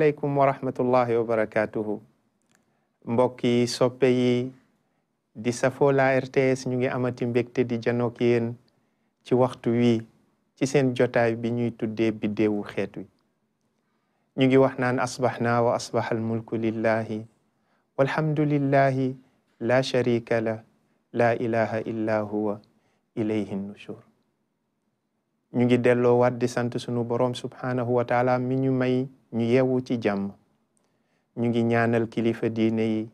aleykum wa rahmatullahi wa barakatuhu mbokk yi soppe yi di safoo la RTS ñu ngi amati mbégte di janook ci waxtu wi ci seen jotaay bi ñuy tuddee biddeewu xeet wi ñu ngi wax naan asbaxna wa asbaxa almulku lillahi la sharika la la ilaha illa huwa ilayhi nushur ñu ngi delloowaat di sant sunu borom subhanahu wa taala mi ñu may ñu yewu ci jàmm ñu ngi ñaanal kilifa diine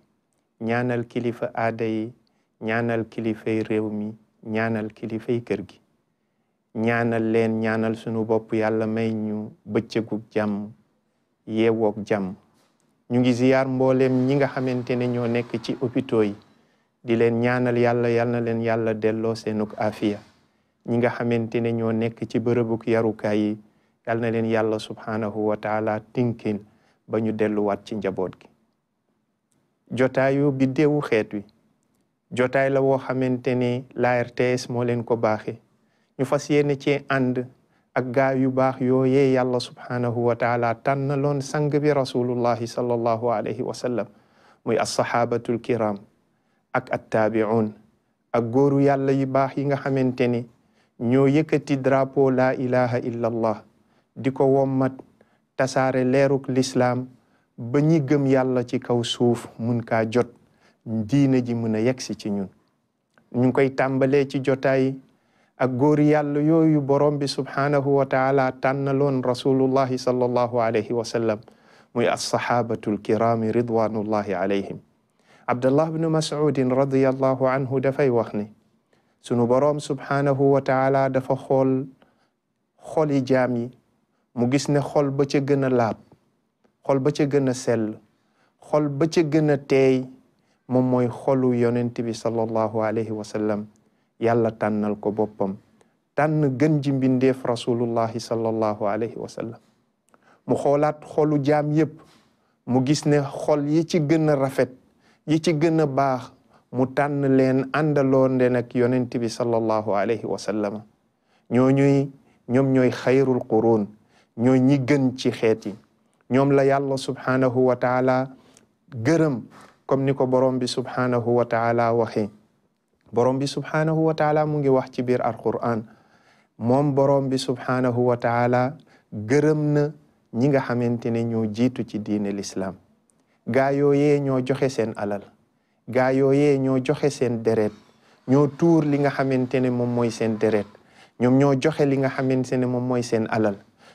ñaanal kilifa aada yi ñaanal kilifay réew mi ñaanal kilifay kër gi ñaanal leen ñaanal sunu bopp yàlla may ñu bëccëgug jàmm yeewoog jàmm ñu ngi ziyaar mbooleem ñi nga xamante ne ñoo nekk ci hôpitaux yi di leen ñaanal yàlla yal na leen yàlla delloo seenug afiya ñi nga xamante ne ñoo nekk ci bërëbuk yarukaay yi yal na leen yàlla subhaanahu wa taala tinkin ba ñu delluwaat ci njaboot gi jotaayu biddeewu xeet wi jotaay la woo xamante ne la RTS moo leen ko baaxe ñu fas yéene ci ànd ak gaa yu baax yooyee yàlla subhaanahu wa taala tànnaloon sang bi rasulullahi sallallahu alayhi wa sallam muy assahabatul kiram ak attaabiun ak góoru yàlla yu baax yi nga xamante ne ñoo yëkkati drapeau la ilaha illallah di ko wommat tasaare leeruk lislaam ba ñi gëm yàlla ci kaw suuf mun kaa jot diine ji mën a yegsi ci ñun ñu ngi koy tàmbalee ci jotaay ak góori yàlla yooyu borom bi subhaanahu wa taala tànnaloon rasulullahi sallallahu alayhi wa sallam muy alsahabatul kiraami ridwanullahi alayhim abdullah bnu mas'udin radiallahu anhu dafay wax ne sunu boroom subhaanahu wa taala dafa xool xoli jaam yi mu gis ne xol ba ca gën a laab xol ba ca gën a sell xol ba ca gën a teey moom mooy xolu yonent bi sallallahu alayhi wa sallam yàlla tànnal ko boppam tànn gën ji mbindeef rasulullahi sallallahu alayhi wa sallam mu xoolaat xolu jaam yépp mu gis ne xol yi ci gën a rafet yi ci gën baax mu tànn leen àndaloon leen ak yonent tibi sallallahu alayhi wa sallam ñooñuy ñoom ñooy xayrul quruun ñooy ñi gën ci xeet yi ñoom la yàlla subhaanahu wa taala gërëm comme ni ko borom bi subhaanahu wa taala waxee borom bi subhaanahu wa taala mu ngi wax ci biir alquran moom borom bi subhaanahu wa taala gërëm na ñi nga xamante ni ñoo jiitu ci diine l'islam gaa yooyee ñoo joxe seen alal gaa yooyee ñoo joxe seen deret ñoo tuur li nga xamante ne moom mooy seen deret ñoom ñoo joxe li nga xamante ne moom mooy seen alal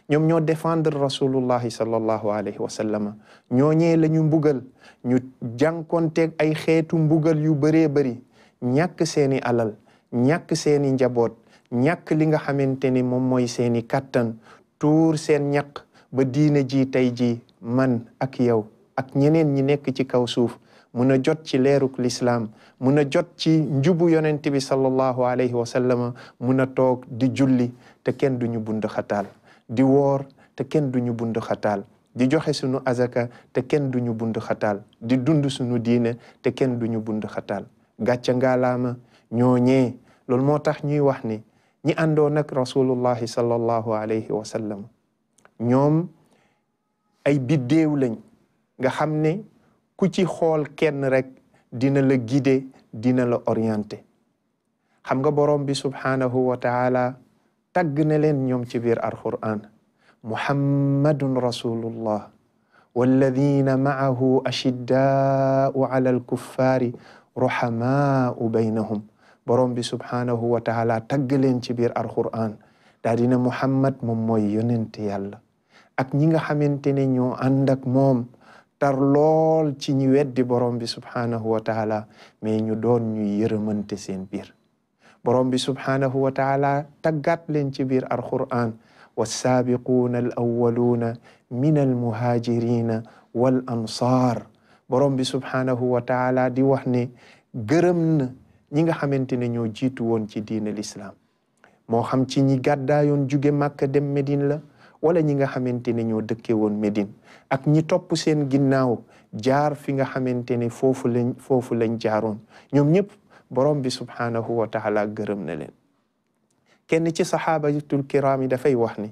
ñoom ñoo défendre rasulullahi sallallahu alayhi wa ñoo ñooñee la ñu mbugal ñu jànkonteeg ay xeetu mbugal yu bëree bëri ñàkk seeni alal ñàkk seeni njaboot ñàkk li nga xamante ne moom mooy seeni kattan tuur seen ñaq ba diine ji tey jii man ak yow ak ñeneen ñi nekk ci kaw suuf mun a jot ci leeruk lislaam mun a jot ci njubu yonent bi sallallahu alayhi wa sallam mun a toog di julli te kenn duñu bund xataal di woor te kenn duñu bund xataal di joxe sunu azaka te kenn duñu bund xataal di dund sunu diine te kenn duñu bund xataal gàcca ngaalaama ñooñee loolu moo tax ñuy wax ni ñi àndoon ak rasulullahi sallallahu alayhi wa sallam ñoom ay biddéew lañ xam ne ku ci xool kenn rek dina la guider dina la orienter xam nga borom bi subhanahu wa taala tagg na leen ñoom ci biir alquran muhammadun rasulullah walladina maahu ashiddaau ala alkuffaari ruhamaau baynahum borom bi subhanahu wa taala tagg leen ci biir alquran daa dina muhammad moom mooy yonent yàlla ak ñi nga ne ñoo ànd moom tar lool ci ñi weddi borom bi subhanahu wa taala mais ñu doon ñuy yërëmante seen biir borom bi subhanahu wa taala taggat leen ci biir alquran wassaabiquuna al awaluuna min almuhaajirina wal ansaar borom bi subhanahu wa taala di wax ni gërëm na ñi nga xamante ne ñoo jiitu woon ci diin al moo xam ci ñi gàddaayoon jóge màkka dem medine la wala ñi nga xamante ne ñoo dëkkee woon Médine ak ñi topp seen ginnaaw jaar fi nga xamante ne foofu lañ foofu lañ jaaroon ñoom ñëpp borom bi subhaanahu wa taala gërëm na leen kenn ci saxaabatul kiraam yi dafay wax ni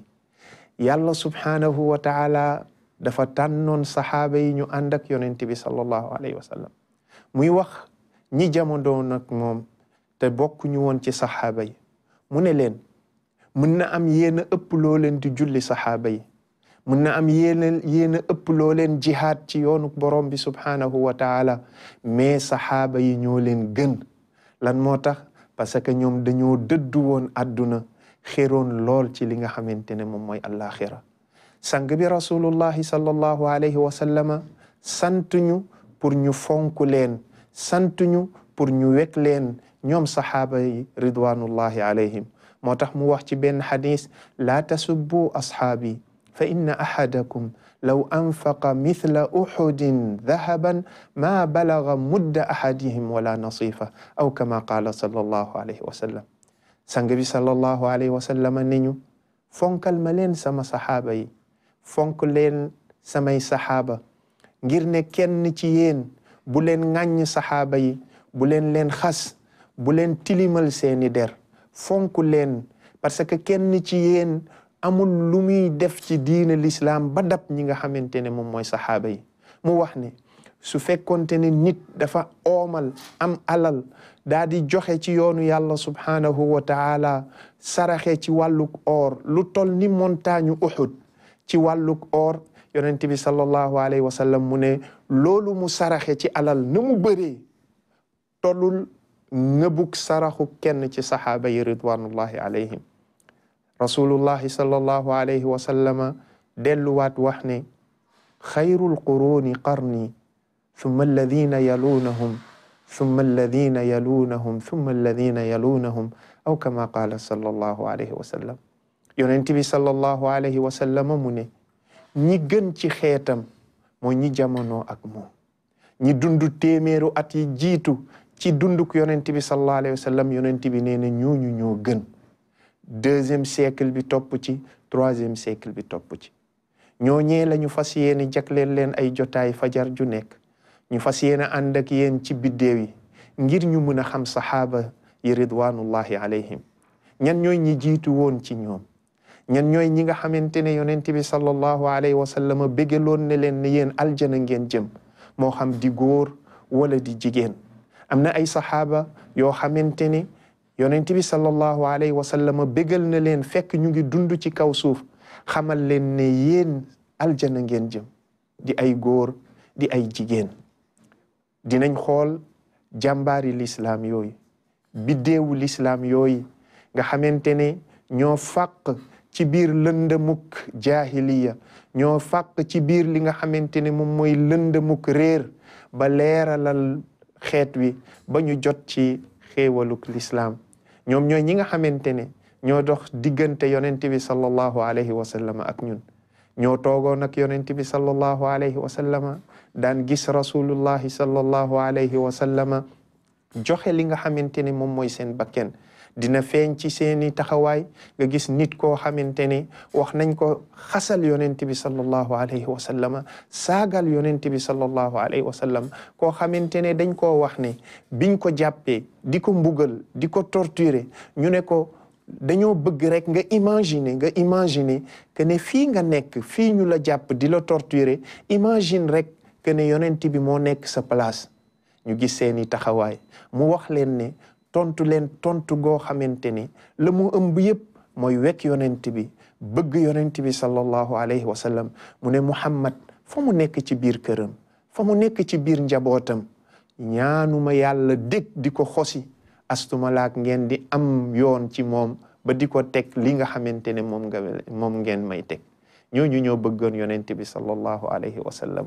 yàlla subhaanahu wa taala dafa tànnoon saxaaba yi ñu ànd ak yonent bi sallallahu alayhi wa muy wax ñi jamono doon ak moom te bokk ñu woon ci saxaaba yi mu ne leen mën na am yéen a ëpp leen di julli saxaaba yi mën na am yéen yéen a ëpp loo leen jihaad ci yoonu borom bi subhaanahu wa taala mais saxaaba yi ñoo leen gën lan moo tax parce que ñoom dañoo dëddu woon àdduna xéroon lool ci li nga xamante ne moom mooy àllaaxira sang bi rasulullahi sallallahu alayhi wa sallama santuñu pour ñu fonk leen santuñu pour ñu wek leen ñoom saxaaba yi ridwanullahi alayhim moo tax mu wax ci benn xadis laa tasubbu asxaabi fa inna axadakum law anfaqa mithla uxudin dahaban maa balaga mudda axadihim wala nasifa aw kama qaala sallallahu alayhi wa sallam sang bi sallallahu alayhi wa sallama ni ñu fonkal ma leen sama saxaaba yi fonk leen samay saxaaba ngir ne kenn ci yéen bu leen ŋàññ saxaaba yi bu leen leen xas bu leen tilimal seeni der fonk leen parce que kenn ci yéen amul lu muy def ci diine l'islam ba dab ñi nga xamante ne moom mooy saxaaba yi mu wax ne su fekkonte ne nit dafa oomal am alal daa di joxe ci yoonu yàlla subhaanahu wa saraxe ci wàlluk or lu tol ni montagne Uhud ci wàlluk or yonent bi sallallahu alayhi wa mu ne loolu mu saraxe ci alal na mu bëree tolul nëbug saraxu kenn ci saxaaba yi ridwanullahi alayhim rasulullahi sallallahu alayhi wa sallama delluwaat wax ne xayrul quruuni qarni summa alladina yaluunahum summa alladina yaluunahum summa alladina yaluunahum aw kama qaala sallallahu alayhi wa sallam yonent bi sallallahu alayhi wa sallama mu ne ñi gën ci xeetam moo ñi jamono ak moom ñi dund téeméeru at yi jiitu ci dunduk yonent bi sallallahu alayhi wa sallam yonent bi nee na ñooñu ñoo gën deuxième siècle bi topp ci troisième siècle bi topp ci ñooñee la ñu fas yéene jagleel leen ay jotaay fajar ju nekk ñu fas yéene ànd ak yéen ci biddéew yi ngir ñu mën a xam saxaaba yi ridwanullahi alayhim ñan ñooy ñi jiitu woon ci ñoom ñan ñooy ñi nga xamante ne yonent bi sallallahu alayhi wa sallam bégaloon ne leen ne yéen aljana ngeen jëm moo xam di góor wala di jigéen am na ay saxaaba yoo xamante ni yonent bi sallallahu alayhi wa sallam bégal na leen fekk ñu ngi dund ci kaw suuf xamal leen ne yéen aljana ngeen jëm di ay góor di ay jigéen dinañ xool jàmbaari lislaam yooyu biddeewu lislaam yooyu nga xamante ne ñoo faq ci biir lëndëmuk jaahiliya ñoo faq ci biir li nga xamante ne moom mooy lëndëmuk réer ba leeralal xeet wi ba ñu jot ci xéewaluk lislaam ñoom ñooy ñi nga xamante ne ñoo dox diggante yonent bi sallallahu alayhi wa sallam ak ñun ñoo toogoon ak yonent bi sallallahu alayhi wa sallam daan gis rasulullahi sallallahu alayhi wa joxe li nga xamante ne moom mooy seen bakken dina feeñ ci seeni taxawaay nga gis nit koo xamante ne wax nañ ko xasal yonent bi sallallahu alayhi wa sallam saagal yonent bi sallallahu alayhi wa sallam koo xamante ne dañ koo wax ne biñ ko jàppee di ko mbugal di ko torturer ñu ne ko dañoo bëgg rek nga imaginer nga imagine que ne fii nga nekk fii ñu la jàpp di la torturer imagine rek que ne yonent bi moo nekk sa place ñu gis seeni taxawaay mu wax leen ne tontu leen tontu goo xamante ni la mu ëmb yëpp mooy wekk yonent bi bëgg yonent bi sallallahu alayhi wa sallam mu ne Muhammad fa mu nekk ci biir këram fa mu nekk ci biir njabootam ñaanuma yàlla dégg di ko xosi astuma laak ngeen di am yoon ci moom ba di ko teg li nga xamante ne moom nga ngeen may teg ñu ñoo bëggoon yonent bi sallallahu alayhi wa sallam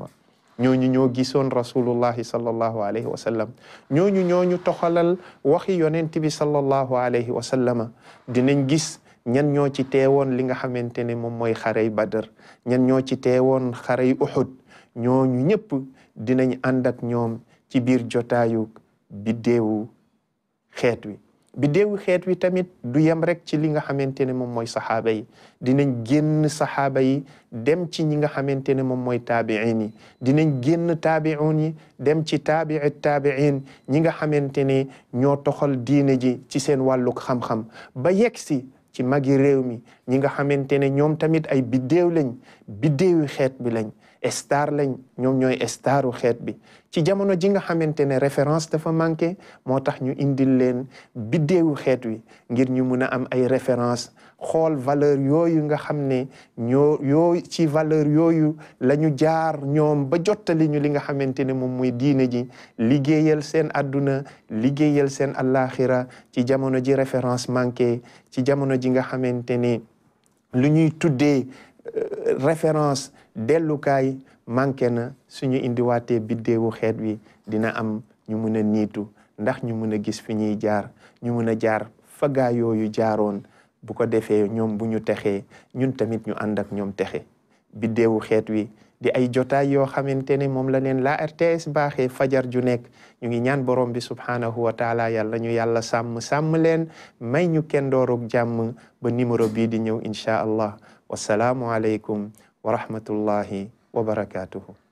ñooñu ñoo gisoon rasulullahi sallallahu alayhi wa sallam ñooñu ñooñu toxalal waxi yonent bi sallallahu alayhi wa sallama dinañ gis ñan ñoo ci teewoon li nga xamante ne moom mooy xarey badar ñan ñoo ci teewoon xarey Uhud ñooñu ñëpp dinañ ànd ñoom ci biir jotaayu biddeewu xeet wi biddeewu xeet wi tamit du yem rek ci li nga xamante ne moom mooy saxaaba yi dinañ génn saxaaba yi dem ci ñi nga xamante ne moom mooy taabiin yi dinañ génn taabiun yi dem ci taabii taabiin ñi nga xamante ne ñoo toxal diine ji ci seen wàllug xam-xam ba yegg si ci magi réew mi ñi nga xamante ne ñoom tamit ay biddeew lañ biddeewu xeet bi lañ star lañ ñoom ñooy staru xeet bi ci jamono ji nga xamante ne référence dafa manqué moo tax ñu indil leen biddeewu xeet wi ngir ñu mun a am ay référence xool valeur yooyu nga xam ne ñoo yoo ci valeur yooyu la jaar ñoom ba jottali ñu li nga xamante ne moom mooy diine ji liggéeyal seen adduna liggéeyal seen àllaaxira ci jamono ji référence manqué ci jamono ji nga xamante ne lu ñuy tuddee référence dellukaay manqué na suñu indiwaatee biddeewu xeet wi dina am ñu mun a niitu ndax ñu mun a gis fi ñuy jaar ñu mun a jaar faga gaa yooyu jaaroon bu ko defee ñoom bu ñu texee ñun tamit ñu ànd ak ñoom texe biddeewu xeet wi di ay jotaay yoo xamante ne moom la leen la RTS baaxee fajar ju nekk ñu ngi ñaan borom bi subhaanahu wa taala yàlla ñu yàlla sàmm sàmm leen may ñu kenn doorug jàmm ba numéro bii di ñëw incha allah wasalaamu aleykum wa rahmatullahi wa barakatuhu